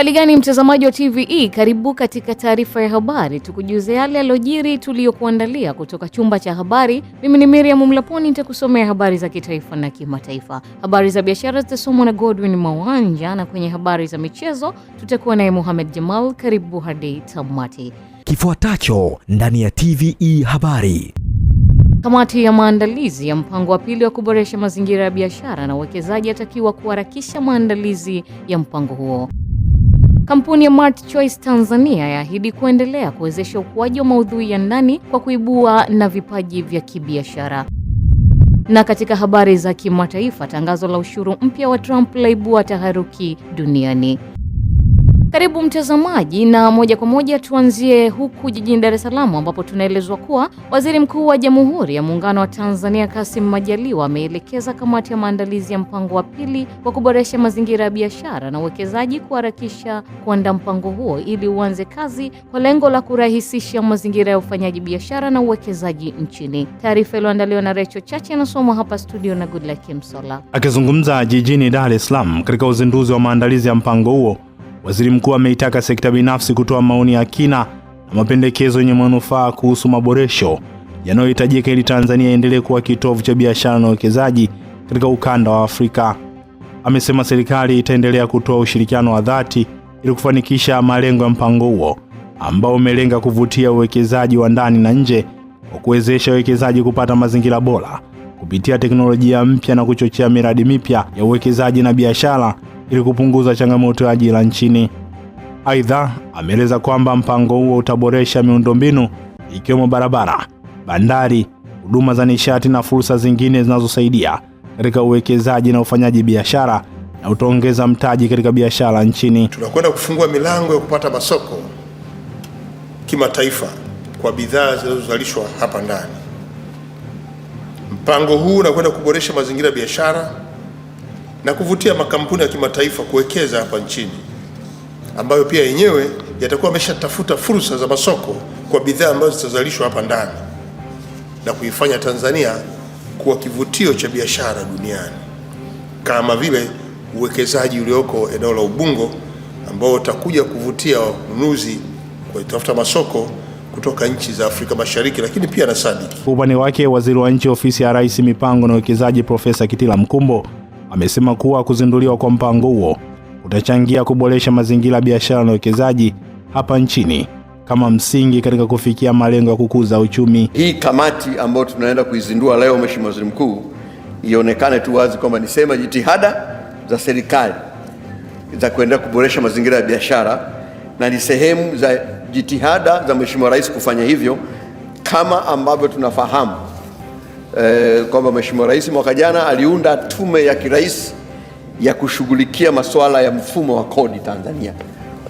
Uhali gani mtazamaji wa TVE, karibu katika taarifa ya habari, tukujuze yale yaliyojiri tuliyokuandalia kutoka chumba cha habari. Mimi ni Miriam Mlaponi, nitakusomea habari za kitaifa na kimataifa. Habari za biashara zitasomwa na Godwin Mawanja, na kwenye habari za michezo tutakuwa naye Mohamed Jamal. Karibu hadi tamati. Kifuatacho ndani ya TVE habari. Kamati ya maandalizi ya mpango wa pili wa kuboresha mazingira ya biashara na uwekezaji atakiwa kuharakisha maandalizi ya mpango huo. Kampuni ya Mart Choice Tanzania yaahidi kuendelea kuwezesha ukuaji wa maudhui ya ndani kwa kuibua na vipaji vya kibiashara. Na katika habari za kimataifa, tangazo la ushuru mpya wa Trump laibua taharuki duniani. Karibu mtazamaji, na moja kwa moja tuanzie huku jijini Dar es Salaam ambapo tunaelezwa kuwa Waziri Mkuu wa Jamhuri ya Muungano wa Tanzania Kassim Majaliwa ameelekeza kamati ya maandalizi ya mpango wa pili wa kuboresha mazingira ya biashara na uwekezaji kuharakisha kuandaa mpango huo ili uanze kazi kwa lengo la kurahisisha mazingira ya ufanyaji biashara na uwekezaji nchini. Taarifa iliyoandaliwa na Recho Chache inasomwa hapa studio na Goodluck Msola. Akizungumza jijini Dar es Salaam katika uzinduzi wa maandalizi ya mpango huo Waziri mkuu ameitaka sekta binafsi kutoa maoni ya kina na mapendekezo yenye manufaa kuhusu maboresho yanayohitajika ili Tanzania iendelee kuwa kitovu cha biashara na uwekezaji katika ukanda wa Afrika. Amesema serikali itaendelea kutoa ushirikiano wa dhati ili kufanikisha malengo ya mpango huo ambao umelenga kuvutia uwekezaji wa ndani na nje kwa kuwezesha wawekezaji kupata mazingira bora kupitia teknolojia mpya na kuchochea miradi mipya ya uwekezaji na biashara ili kupunguza changamoto ya ajira nchini. Aidha, ameeleza kwamba mpango huo utaboresha miundombinu ikiwemo barabara, bandari, huduma za nishati na fursa zingine zinazosaidia katika uwekezaji na ufanyaji biashara na utaongeza mtaji katika biashara nchini. Tunakwenda kufungua milango ya kupata masoko kimataifa kwa bidhaa zinazozalishwa hapa ndani. Mpango huu unakwenda kuboresha mazingira ya biashara na kuvutia makampuni ya kimataifa kuwekeza hapa nchini ambayo pia yenyewe yatakuwa ameshatafuta fursa za masoko kwa bidhaa ambazo zitazalishwa hapa ndani na kuifanya Tanzania kuwa kivutio cha biashara duniani kama vile uwekezaji ulioko eneo la Ubungo ambao utakuja kuvutia wanunuzi kwa kutafuta masoko kutoka nchi za Afrika Mashariki lakini pia na sadiki. Upande wake, Waziri wa Nchi, Ofisi ya Rais, Mipango na Uwekezaji, Profesa Kitila Mkumbo amesema kuwa kuzinduliwa kwa mpango huo utachangia kuboresha mazingira ya biashara na uwekezaji hapa nchini kama msingi katika kufikia malengo ya kukuza uchumi. Hii kamati ambayo tunaenda kuizindua leo, Mheshimiwa Waziri Mkuu, ionekane tu wazi kwamba nisema jitihada za serikali za kuendelea kuboresha mazingira ya biashara na ni sehemu za jitihada za Mheshimiwa Rais kufanya hivyo, kama ambavyo tunafahamu eh, kwamba Mheshimiwa Rais mwaka jana aliunda tume ya kirais ya kushughulikia masuala ya mfumo wa kodi Tanzania.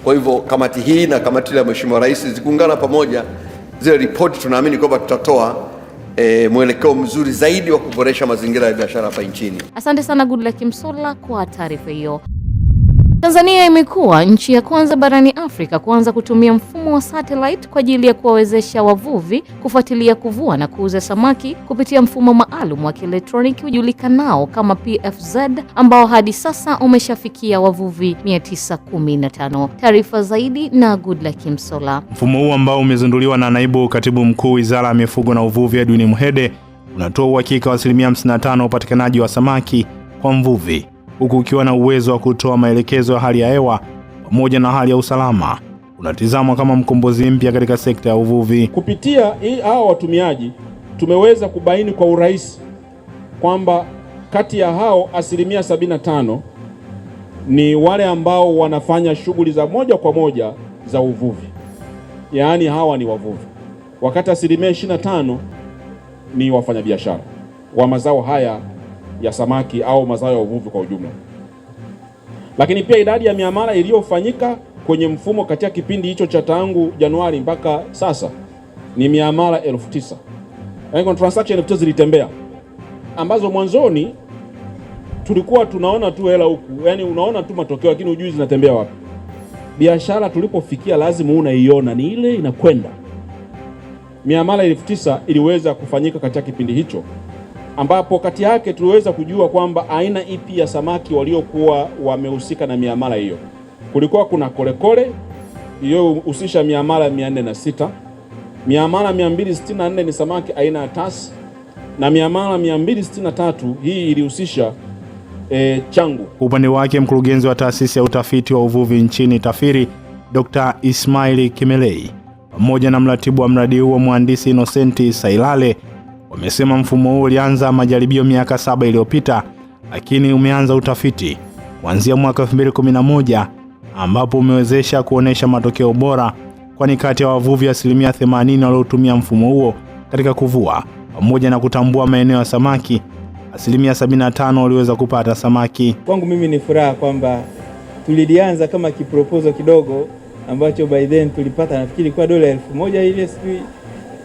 Kwa hivyo kamati hii na kamati ya Mheshimiwa Rais zikuungana pamoja, zile ripoti tunaamini kwamba tutatoa E, mwelekeo mzuri zaidi wa kuboresha mazingira ya biashara hapa nchini. Asante sana Goodluck Msolla kwa taarifa hiyo. Tanzania imekuwa nchi ya kwanza barani Afrika kuanza kutumia mfumo wa satellite kwa ajili ya kuwawezesha wavuvi kufuatilia, kuvua na kuuza samaki kupitia mfumo maalum wa kielektroniki ujulikanao kama PFZ ambao hadi sasa umeshafikia wavuvi 915. Taarifa zaidi na Goodluck Msola. Mfumo huu ambao umezinduliwa na naibu katibu mkuu Wizara ya Mifugo na Uvuvi Edwin Mhede unatoa uhakika wa asilimia 55 upatikanaji wa samaki kwa mvuvi huku ukiwa na uwezo wa kutoa maelekezo ya hali ya hewa pamoja na hali ya usalama, unatizamwa kama mkombozi mpya katika sekta ya uvuvi. Kupitia hawa watumiaji, tumeweza kubaini kwa urahisi kwamba kati ya hao asilimia 75 ni wale ambao wanafanya shughuli za moja kwa moja za uvuvi, yaani hawa ni wavuvi, wakati asilimia 25 ni wafanyabiashara wa mazao haya ya samaki au mazao ya uvuvi kwa ujumla. Lakini pia idadi ya miamala iliyofanyika kwenye mfumo katika kipindi hicho cha tangu Januari mpaka sasa ni miamala elfu tisa yaani transaction elfu tisa zilitembea, ambazo mwanzoni tulikuwa tunaona tu hela huku, yaani unaona tu matokeo, lakini hujui zinatembea wapi. Biashara tulipofikia lazima unaiona ni ile inakwenda. Miamala elfu tisa iliweza kufanyika katika kipindi hicho ambapo kati yake tuliweza kujua kwamba aina ipi ya samaki waliokuwa wamehusika na miamala hiyo. Kulikuwa kuna kolekole iliyohusisha miamala 406, miamala 264 ni samaki aina ya tasi, na miamala 263 hii ilihusisha E, changu. upande wake mkurugenzi wa taasisi ya utafiti wa uvuvi nchini TAFIRI Dr. Ismaili Kimelei pamoja na mratibu wa mradi huo mhandisi Inosenti Sailale Wamesema mfumo huo ulianza majaribio miaka saba iliyopita, lakini umeanza utafiti kuanzia mwaka 2011 ambapo umewezesha kuonesha matokeo bora, kwani kati ya wavuvi asilimia 80 waliotumia mfumo huo katika kuvua pamoja na kutambua maeneo ya samaki, asilimia 75 waliweza kupata samaki. Kwangu mimi ni furaha kwamba tulilianza kama kiproposal kidogo ambacho by then tulipata nafikiri kwa dola elfu moja ile sijui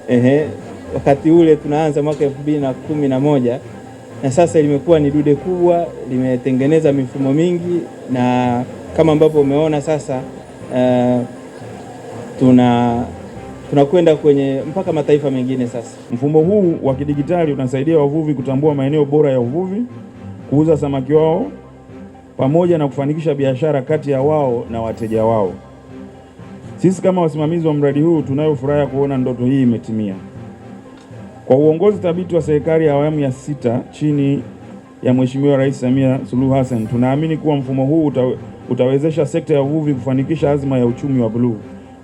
ehe wakati ule tunaanza mwaka elfu mbili na kumi na moja na sasa limekuwa ni dude kubwa, limetengeneza mifumo mingi, na kama ambavyo umeona sasa uh, tuna tunakwenda kwenye mpaka mataifa mengine. Sasa mfumo huu wa kidijitali unasaidia wavuvi kutambua maeneo bora ya uvuvi, kuuza samaki wao, pamoja na kufanikisha biashara kati ya wao na wateja wao. Sisi kama wasimamizi wa mradi huu tunayo furaha ya kuona ndoto hii imetimia. Kwa uongozi thabiti wa serikali ya awamu ya sita chini ya Mheshimiwa Rais Samia Suluhu Hassan, tunaamini kuwa mfumo huu utawezesha sekta ya uvuvi kufanikisha azma ya uchumi wa buluu,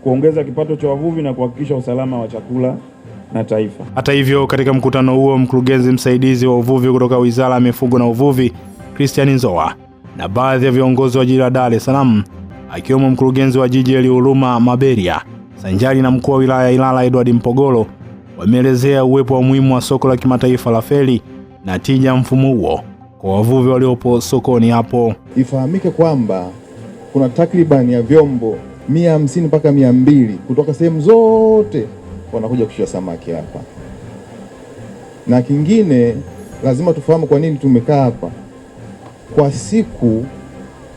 kuongeza kipato cha wavuvi na kuhakikisha usalama wa chakula na taifa. Hata hivyo, katika mkutano huo, mkurugenzi msaidizi wa uvuvi kutoka Wizara ya Mifugo na Uvuvi Christian Nzoa na baadhi ya viongozi wa jiji la Dar es Salaam akiwemo mkurugenzi wa jiji Eliuruma Maberia sanjari na mkuu wa wilaya ya Ilala Edward Mpogolo wameelezea uwepo wa muhimu wa soko la kimataifa la feri na tija mfumo huo kwa wavuvi waliopo sokoni hapo. Ifahamike kwamba kuna takriban ya vyombo mia hamsini mpaka mia mbili kutoka sehemu zote wanakuja kushia samaki hapa, na kingine lazima tufahamu kwa nini tumekaa hapa kwa siku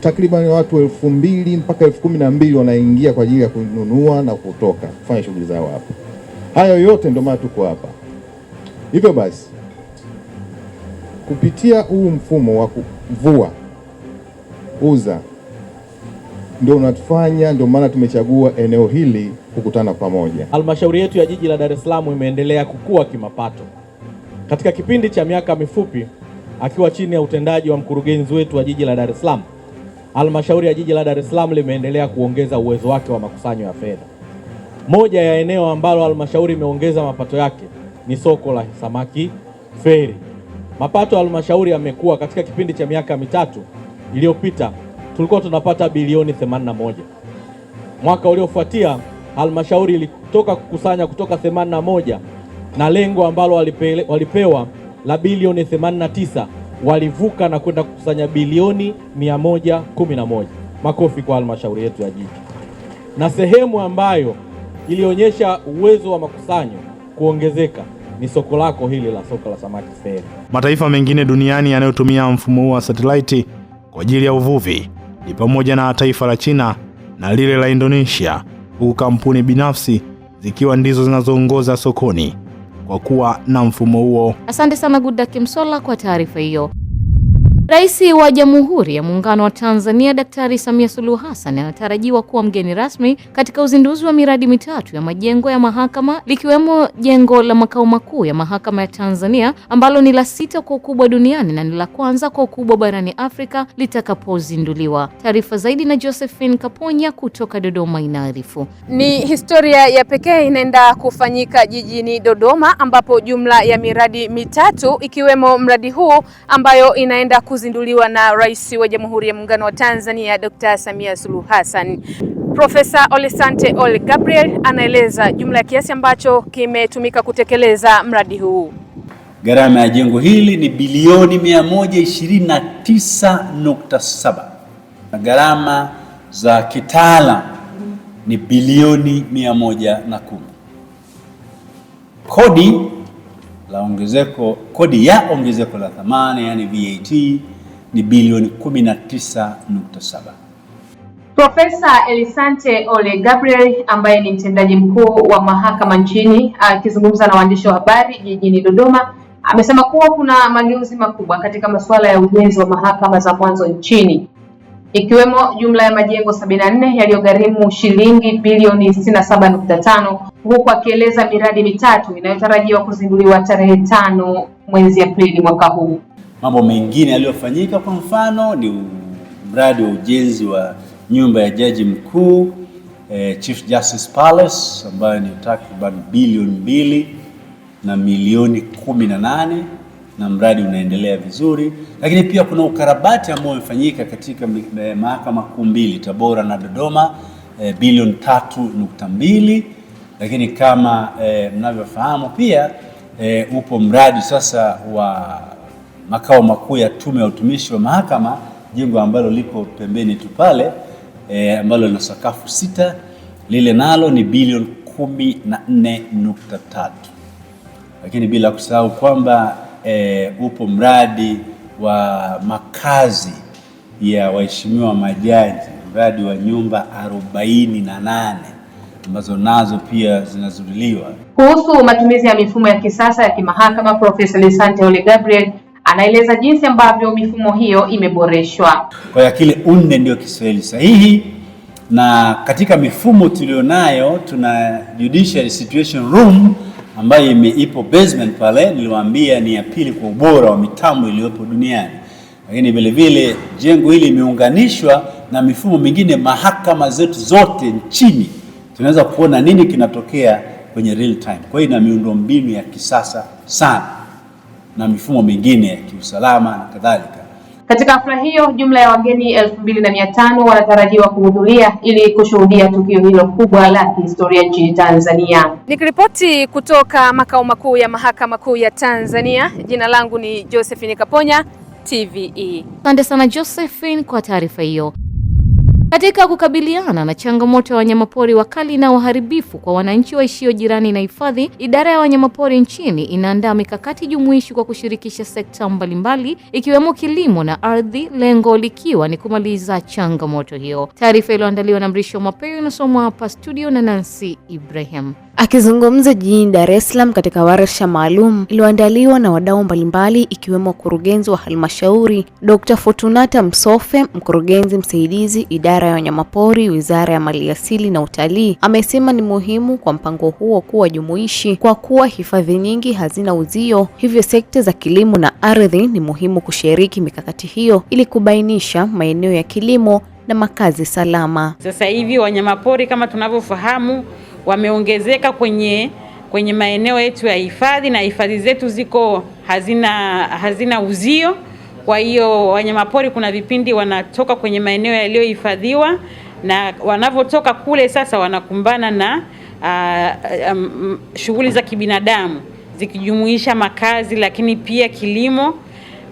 takriban watu elfu mbili mpaka elfu kumi na mbili wanaingia kwa ajili ya kununua na kutoka kufanya shughuli zao hapa. Hayo yote ndio maana tuko hapa. Hivyo basi, kupitia huu mfumo wa kuvua uza ndio unatufanya ndio maana tumechagua eneo hili kukutana pamoja. Halmashauri yetu ya jiji la Dar es Salaam imeendelea kukua kimapato katika kipindi cha miaka mifupi. Akiwa chini ya utendaji wa mkurugenzi wetu wa jiji la Dar es Salaam, halmashauri ya jiji la Dar es Salaam limeendelea kuongeza uwezo wake wa makusanyo ya fedha. Moja ya eneo ambalo halmashauri imeongeza mapato yake ni soko la samaki Feri. Mapato ya halmashauri yamekuwa katika kipindi cha miaka mitatu iliyopita, tulikuwa tunapata bilioni 81. Mwaka uliofuatia halmashauri ilitoka kukusanya kutoka 81 na lengo ambalo walipewa la bilioni 89 walivuka na kwenda kukusanya bilioni 111. Makofi kwa halmashauri yetu ya jiji na sehemu ambayo ilionyesha uwezo wa makusanyo kuongezeka ni soko lako hili la soko la samaki sehemu. Mataifa mengine duniani yanayotumia mfumo huu wa satelaiti kwa ajili ya uvuvi ni pamoja na taifa la China na lile la Indonesia, huku kampuni binafsi zikiwa ndizo zinazoongoza sokoni kwa kuwa na mfumo huo. Asante sana Guda Kimsola kwa taarifa hiyo. Rais wa Jamhuri ya Muungano wa Tanzania Daktari Samia Suluhu Hassan anatarajiwa kuwa mgeni rasmi katika uzinduzi wa miradi mitatu ya majengo ya mahakama likiwemo jengo la makao makuu ya mahakama ya Tanzania ambalo ni la sita kwa ukubwa duniani na ni la kwanza kwa ukubwa barani Afrika litakapozinduliwa. Taarifa zaidi na Josephine Kaponya kutoka Dodoma inaarifu. Ni historia ya pekee inaenda kufanyika jijini Dodoma ambapo jumla ya miradi mitatu ikiwemo mradi huu ambayo inaenda ku kuzinduliwa na Rais wa Jamhuri ya Muungano wa Tanzania Dr. Samia Suluhu Hassan. Profesa Olesante Ole Gabriel anaeleza jumla ya kiasi ambacho kimetumika kutekeleza mradi huu. Gharama ya jengo hili ni bilioni 129.7 na gharama za kitaalam ni bilioni 110. Kodi la ongezeko kodi ya ongezeko la thamani yani VAT ni bilioni 19.7. Profesa Elisante Ole Gabriel ambaye ni mtendaji mkuu wa mahakama nchini akizungumza na waandishi wa habari jijini Dodoma amesema kuwa kuna mageuzi makubwa katika masuala ya ujenzi wa mahakama za mwanzo nchini ikiwemo jumla ya majengo 74 yaliyogharimu shilingi bilioni 67.5 huku akieleza miradi mitatu inayotarajiwa kuzinduliwa tarehe tano mwezi Aprili mwaka huu. Mambo mengine yaliyofanyika kwa mfano ni mradi wa ujenzi wa nyumba ya jaji mkuu eh, Chief Justice Palace ambayo ni takriban bilioni mbili na milioni kumi na nane na mradi unaendelea vizuri, lakini pia kuna ukarabati ambao umefanyika katika eh, mahakama kuu mbili Tabora na Dodoma e, bilioni tatu nukta mbili lakini kama e, mnavyofahamu pia e, upo mradi sasa wa makao makuu ya Tume ya Utumishi wa Mahakama, jengo ambalo lipo pembeni tu pale e, ambalo lina sakafu sita, lile nalo ni bilioni kumi na nne nukta tatu lakini bila kusahau kwamba e, upo mradi wa makazi ya waheshimiwa majaji, mradi wa nyumba arobaini na nane ambazo nazo pia zinazuiliwa. Kuhusu matumizi ya mifumo ya kisasa ya kimahakama, Profesa Lesante Ole Gabriel anaeleza jinsi ambavyo mifumo hiyo imeboreshwa. Kwa ya kile unde ndio Kiswahili sahihi, na katika mifumo tulionayo tuna judicial situation room ambayo imeipo basement pale, niliwaambia ni ya pili kwa ubora wa mitambo iliyopo duniani, lakini vile vile jengo hili imeunganishwa na mifumo mingine mahakama zetu zote nchini, tunaweza kuona nini kinatokea kwenye real time. Kwa hiyo ina miundombinu ya kisasa sana na mifumo mingine ya kiusalama na kadhalika. Katika hafla hiyo jumla ya wageni elfu mbili na mia tano wanatarajiwa kuhudhuria ili kushuhudia tukio hilo kubwa la kihistoria nchini Tanzania. Nikiripoti kutoka makao makuu ya Mahakama Kuu ya Tanzania, jina langu ni Josephine Kaponya, TVE. Asante sana Josephine kwa taarifa hiyo katika kukabiliana na changamoto ya wanyamapori wakali na waharibifu kwa wananchi waishio jirani na hifadhi, idara ya wanyamapori nchini inaandaa mikakati jumuishi kwa kushirikisha sekta mbalimbali ikiwemo kilimo na ardhi, lengo likiwa ni kumaliza changamoto hiyo. Taarifa iliyoandaliwa na Mrisho Mapeo inasomwa hapa studio na Nancy Ibrahim. Akizungumza jijini Dar es Salaam katika warsha maalum iliyoandaliwa na wadau mbalimbali ikiwemo wakurugenzi wa halmashauri, Dr. Fortunata Msofe, mkurugenzi msaidizi idara ya wanyamapori, Wizara ya Maliasili na Utalii, amesema ni muhimu kwa mpango huo kuwa jumuishi kwa kuwa hifadhi nyingi hazina uzio, hivyo sekta za kilimo na ardhi ni muhimu kushiriki mikakati hiyo ili kubainisha maeneo ya kilimo na makazi salama. Sasa hivi wanyamapori kama tunavyofahamu wameongezeka kwenye kwenye maeneo yetu ya hifadhi na hifadhi zetu ziko hazina hazina uzio. Kwa hiyo wanyamapori kuna vipindi wanatoka kwenye maeneo yaliyohifadhiwa na wanavyotoka kule sasa wanakumbana na uh, um, shughuli za kibinadamu zikijumuisha makazi, lakini pia kilimo,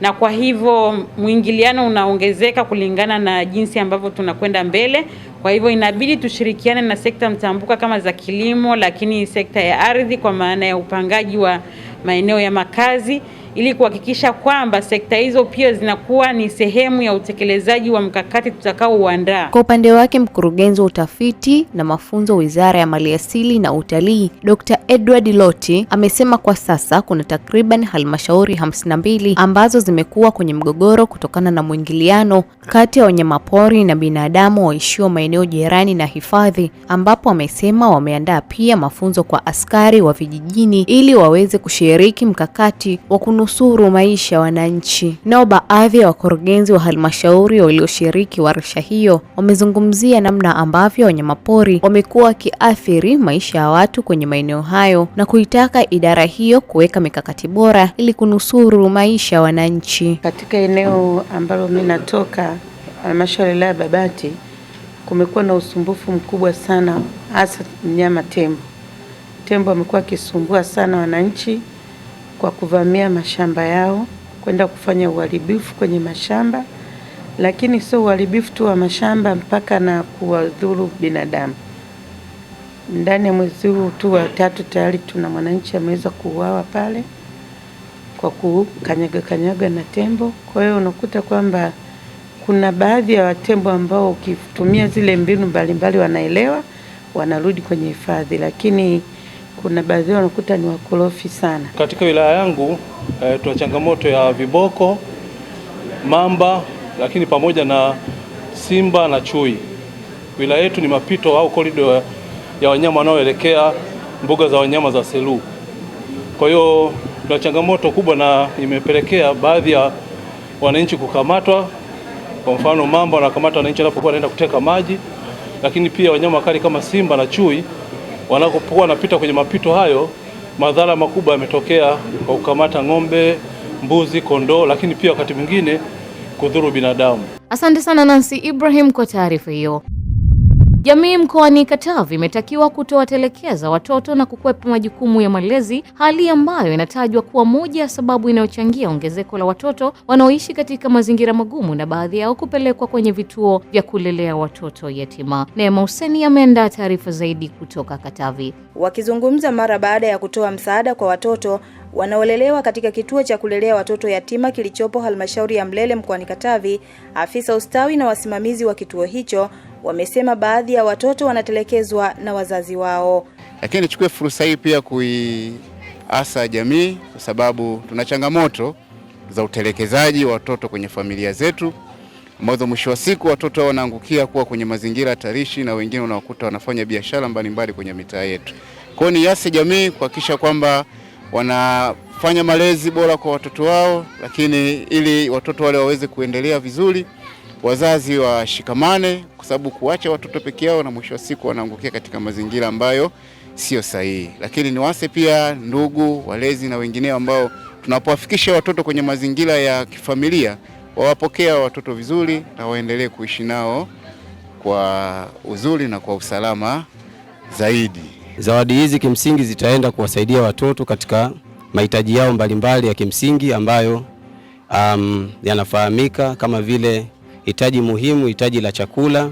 na kwa hivyo mwingiliano unaongezeka kulingana na jinsi ambavyo tunakwenda mbele. Kwa hivyo inabidi tushirikiane na sekta mtambuka kama za kilimo, lakini sekta ya ardhi kwa maana ya upangaji wa maeneo ya makazi ili kuhakikisha kwamba sekta hizo pia zinakuwa ni sehemu ya utekelezaji wa mkakati tutakaouandaa. Kwa upande wake, mkurugenzi wa utafiti na mafunzo Wizara ya Maliasili na Utalii, Dr. Edward Loti amesema kwa sasa kuna takriban halmashauri 52 ambazo zimekuwa kwenye mgogoro kutokana na mwingiliano kati ya wanyamapori na binadamu waishio maeneo jirani na hifadhi, ambapo amesema wameandaa pia mafunzo kwa askari wa vijijini ili waweze kushiriki mkakati wa kunu kunusuru maisha ya wananchi. Nao baadhi ya wakurugenzi wa halmashauri walioshiriki warsha hiyo wamezungumzia namna ambavyo wanyamapori wamekuwa wakiathiri maisha ya watu kwenye maeneo hayo na kuitaka idara hiyo kuweka mikakati bora ili kunusuru maisha ya wananchi. Katika eneo ambalo mimi natoka, halmashauri ya Babati, kumekuwa na usumbufu mkubwa sana, hasa mnyama tembo. Tembo amekuwa akisumbua sana wananchi kwa kuvamia mashamba yao kwenda kufanya uharibifu kwenye mashamba, lakini sio uharibifu tu wa mashamba mpaka na kuwadhuru binadamu. Ndani ya mwezi huu tu wa tatu tayari tuna mwananchi ameweza kuuawa pale kwa kukanyaga kanyaga na tembo. Kwa hiyo unakuta kwamba kuna baadhi ya watembo ambao ukitumia zile mbinu mbalimbali wanaelewa, wanarudi kwenye hifadhi lakini kuna baadhi wanakuta ni wakorofi sana. Katika wilaya yangu e, tuna changamoto ya viboko, mamba, lakini pamoja na simba na chui. Wilaya yetu ni mapito au korido ya wanyama wanaoelekea mbuga za wanyama za Selous. Kwa hiyo tuna changamoto kubwa na imepelekea baadhi ya wananchi kukamatwa. Kwa mfano, mamba wanakamata wananchi wanapokuwa wanaenda kuteka maji, lakini pia wanyama wakali kama simba na chui Wanapokuwa wanapita kwenye mapito hayo, madhara makubwa yametokea kwa kukamata ng'ombe, mbuzi, kondoo, lakini pia wakati mwingine kudhuru binadamu. Asante sana Nancy Ibrahim kwa taarifa hiyo. Jamii mkoani Katavi imetakiwa kutowatelekeza watoto na kukwepa majukumu ya malezi, hali ambayo inatajwa kuwa moja ya sababu inayochangia ongezeko la watoto wanaoishi katika mazingira magumu na baadhi yao kupelekwa kwenye vituo vya kulelea watoto yatima. Neema Huseni ameandaa taarifa zaidi kutoka Katavi. Wakizungumza mara baada ya kutoa msaada kwa watoto wanaolelewa katika kituo cha kulelea watoto yatima kilichopo halmashauri ya Mlele mkoani Katavi, afisa ustawi na wasimamizi wa kituo hicho wamesema baadhi ya watoto wanatelekezwa na wazazi wao. Lakini nichukue fursa hii pia kuiasa jamii, kwa sababu tuna changamoto za utelekezaji wa watoto kwenye familia zetu ambazo mwisho wa siku watoto hao wanaangukia kuwa kwenye mazingira hatarishi na wengine unawakuta wanafanya biashara mbalimbali kwenye mitaa yetu. Kwa ni yasi jamii kuhakikisha kwamba wanafanya malezi bora kwa watoto wao, lakini ili watoto wale waweze kuendelea vizuri wazazi washikamane, kwa sababu kuwacha watoto peke yao na mwisho wa siku wanaangukia katika mazingira ambayo sio sahihi. Lakini niwase pia ndugu walezi na wengineo ambao tunapowafikisha watoto kwenye mazingira ya kifamilia, wawapokea watoto vizuri na waendelee kuishi nao kwa uzuri na kwa usalama zaidi. Zawadi hizi kimsingi zitaenda kuwasaidia watoto katika mahitaji yao mbalimbali ya kimsingi ambayo um, yanafahamika kama vile hitaji muhimu, hitaji la chakula,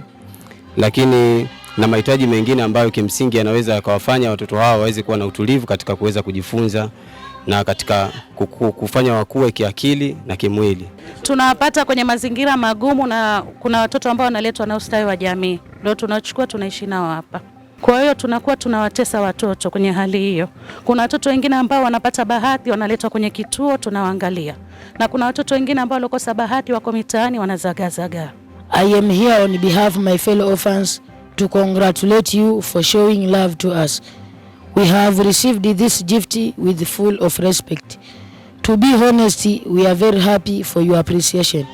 lakini na mahitaji mengine ambayo kimsingi yanaweza yakawafanya watoto hawa waweze kuwa na utulivu katika kuweza kujifunza na katika kufanya wakuwe kiakili na kimwili. Tunawapata kwenye mazingira magumu, na kuna watoto ambao wanaletwa na ustawi wa jamii, ndio tunachukua tunaishi nao hapa. Kwa hiyo tunakuwa tunawatesa watoto kwenye hali hiyo. Kuna watoto wengine ambao wanapata bahati wanaletwa kwenye kituo tunawaangalia, na kuna watoto wengine ambao walikosa bahati wako mitaani wanazagazaga. I am here on behalf of my fellow orphans to congratulate you for showing love to us. We have received this gift with full of respect. To be honest, we are very happy for your appreciation.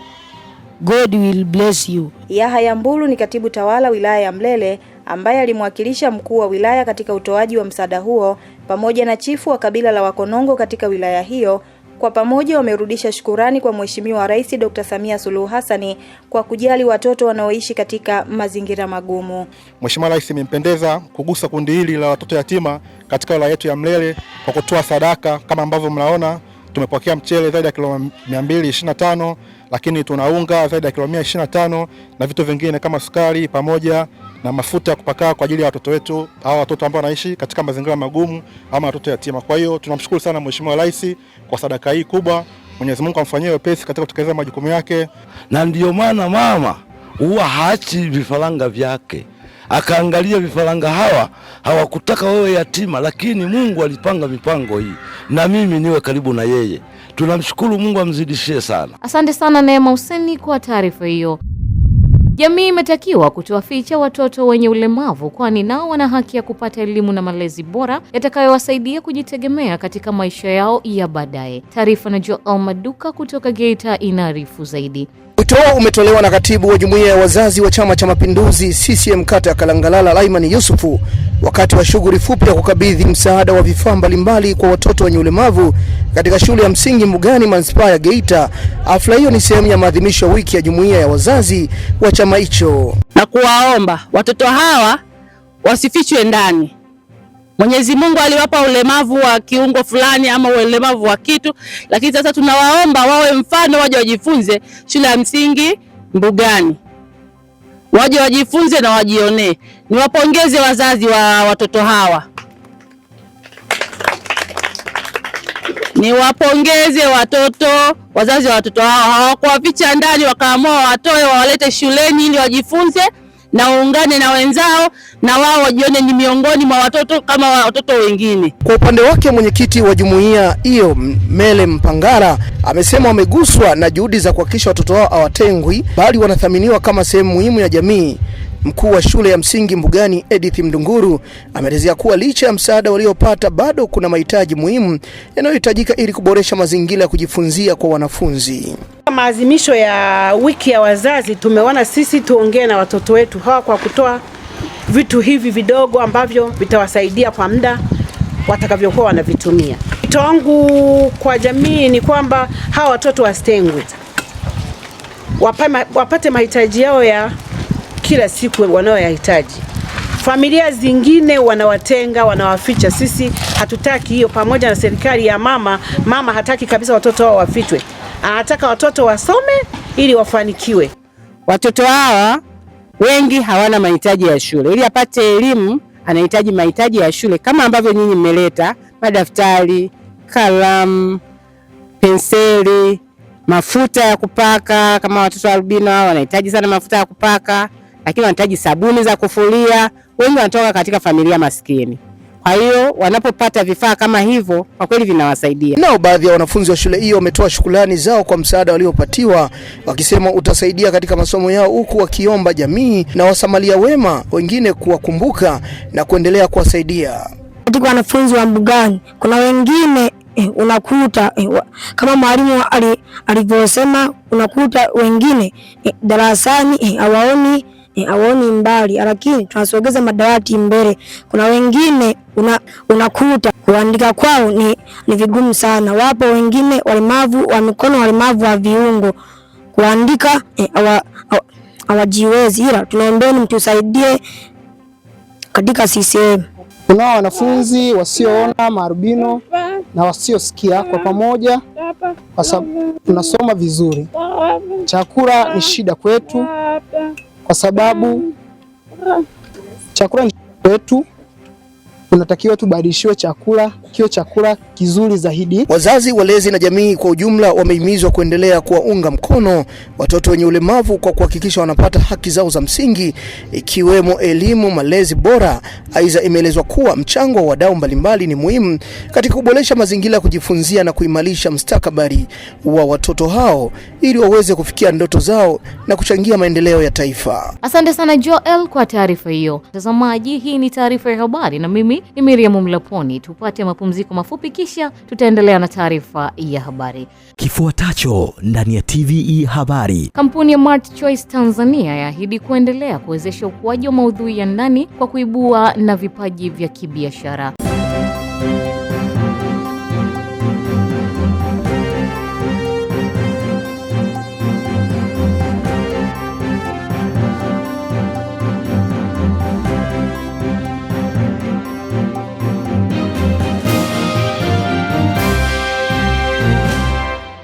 God will bless you. Yahaya Mbulu ni katibu tawala wilaya ya Mlele ambaye alimwakilisha mkuu wa wilaya katika utoaji wa msaada huo pamoja na chifu wa kabila la Wakonongo katika wilaya hiyo. Kwa pamoja wamerudisha shukurani kwa Mheshimiwa Rais Dr. Samia Suluhu Hassani kwa kujali watoto wanaoishi katika mazingira magumu. Mheshimiwa Rais imempendeza kugusa kundi hili la watoto yatima katika wilaya yetu ya Mlele kwa kutoa sadaka kama ambavyo mnaona tumepokea mchele zaidi ya kilo 225 lakini tunaunga zaidi ya kilo 125 na vitu vingine kama sukari pamoja na mafuta ya kupakaa kwa ajili ya watoto wetu au watoto ambao wanaishi katika mazingira magumu ama watoto yatima. Kwa hiyo tunamshukuru sana Mheshimiwa Rais kwa sadaka hii kubwa. Mwenyezi Mungu amfanyie wepesi katika kutekeleza majukumu yake, na ndiyo maana mama huwa haachi vifaranga vyake akaangalia vifaranga hawa hawakutaka wewe yatima, lakini Mungu alipanga mipango hii na mimi niwe karibu na yeye. Tunamshukuru Mungu amzidishie sana. Asante sana Neema Useni kwa taarifa hiyo. Jamii imetakiwa kutowaficha watoto wenye ulemavu, kwani nao wana haki ya kupata elimu na malezi bora yatakayowasaidia kujitegemea katika maisha yao ya baadaye. Taarifa na Joel Maduka kutoka Geita inaarifu zaidi. Wito umetolewa na katibu wa jumuiya ya wazazi wa Chama cha Mapinduzi CCM kata ya Kalangalala Laiman Yusufu wakati wa shughuli fupi ya kukabidhi msaada wa vifaa mbalimbali kwa watoto wenye ulemavu katika shule ya msingi mugani manispaa ya Geita. Hafla hiyo ni sehemu ya maadhimisho ya wiki ya jumuiya ya wazazi wa chama hicho, na kuwaomba watoto hawa wasifichwe ndani Mwenyezi Mungu aliwapa ulemavu wa kiungo fulani ama ulemavu wa kitu, lakini sasa tunawaomba wawe mfano, waje wajifunze shule ya msingi Mbugani, waje wajifunze na wajionee. Niwapongeze wazazi wa watoto hawa, niwapongeze watoto, wazazi wa watoto hawa. Hawakuwaficha ndani, wakaamua watoe, wawalete shuleni ili wajifunze na waungane na wenzao na wao wajione ni miongoni mwa watoto kama watoto wengine. Kwa upande wake, mwenyekiti wa jumuiya hiyo Mele Mpangara amesema wameguswa na juhudi za kuhakikisha watoto wao hawatengwi bali wanathaminiwa kama sehemu muhimu ya jamii. Mkuu wa shule ya msingi Mbugani Edith Mdunguru ameelezea kuwa licha ya msaada waliopata bado kuna mahitaji muhimu yanayohitajika ili kuboresha mazingira ya kujifunzia kwa wanafunzi maazimisho ya wiki ya wazazi tumeona sisi tuongee na watoto wetu hawa kwa kutoa vitu hivi vidogo ambavyo vitawasaidia kwa muda watakavyokuwa wanavitumia. Wito wangu kwa jamii ni kwamba hawa watoto wasitengwe, wapate mahitaji yao ya kila siku wanayoyahitaji. Familia zingine wanawatenga, wanawaficha. Sisi hatutaki hiyo, pamoja na serikali ya mama mama hataki kabisa watoto hao wafichwe anataka watoto wasome ili wafanikiwe. Watoto hawa wengi hawana mahitaji ya shule, ili apate elimu anahitaji mahitaji ya shule kama ambavyo nyinyi mmeleta madaftari, kalamu, penseli, mafuta ya kupaka. Kama watoto albino hao wanahitaji sana mafuta ya kupaka, lakini wanahitaji sabuni za kufulia. Wengi wanatoka katika familia maskini. Kwa hiyo wanapopata vifaa kama hivyo kwa kweli vinawasaidia. Nao baadhi ya wanafunzi wa shule hiyo wametoa shukrani zao kwa msaada waliopatiwa, wakisema utasaidia katika masomo yao, huku wakiomba jamii na wasamalia wema wengine kuwakumbuka na kuendelea kuwasaidia. Katika wanafunzi wa Mbugani kuna wengine eh, unakuta eh, wa, kama mwalimu alivyosema, unakuta wengine eh, darasani eh, hawaoni eh, awaoni mbali, lakini tunasogeza madawati mbele. Kuna wengine una, unakuta kuandika kwao ni, ni vigumu sana. Wapo wengine walemavu wa mikono, walemavu wa viungo, kuandika eh, hawajiwezi, ila tunaombeni mtusaidie katika CCM. Kunao wanafunzi wasioona maarubino na wasiosikia kwa pamoja tunasoma vizuri. Chakula ni shida kwetu kwa sababu chakula ni chetu unatakiwa tubadilishiwe chakula kio chakula kizuri zaidi. Wazazi, walezi na jamii kwa ujumla wamehimizwa kuendelea kuwaunga mkono watoto wenye ulemavu kwa kuhakikisha wanapata haki zao za msingi ikiwemo elimu, malezi bora. Aidha, imeelezwa kuwa mchango wa wadau mbalimbali ni muhimu katika kuboresha mazingira ya kujifunzia na kuimarisha mstakabali wa watoto hao ili waweze kufikia ndoto zao na kuchangia maendeleo ya taifa. Asante sana Joel kwa taarifa hiyo. Mtazamaji, hii ni taarifa ya habari na mimi ni Miriam Mlaponi. Tupate mapumziko mafupi, kisha tutaendelea na taarifa ya habari. Kifuatacho ndani ya TVE Habari, kampuni ya Mart Choice Tanzania yaahidi kuendelea kuwezesha ukuaji wa maudhui ya ndani kwa kuibua na vipaji vya kibiashara.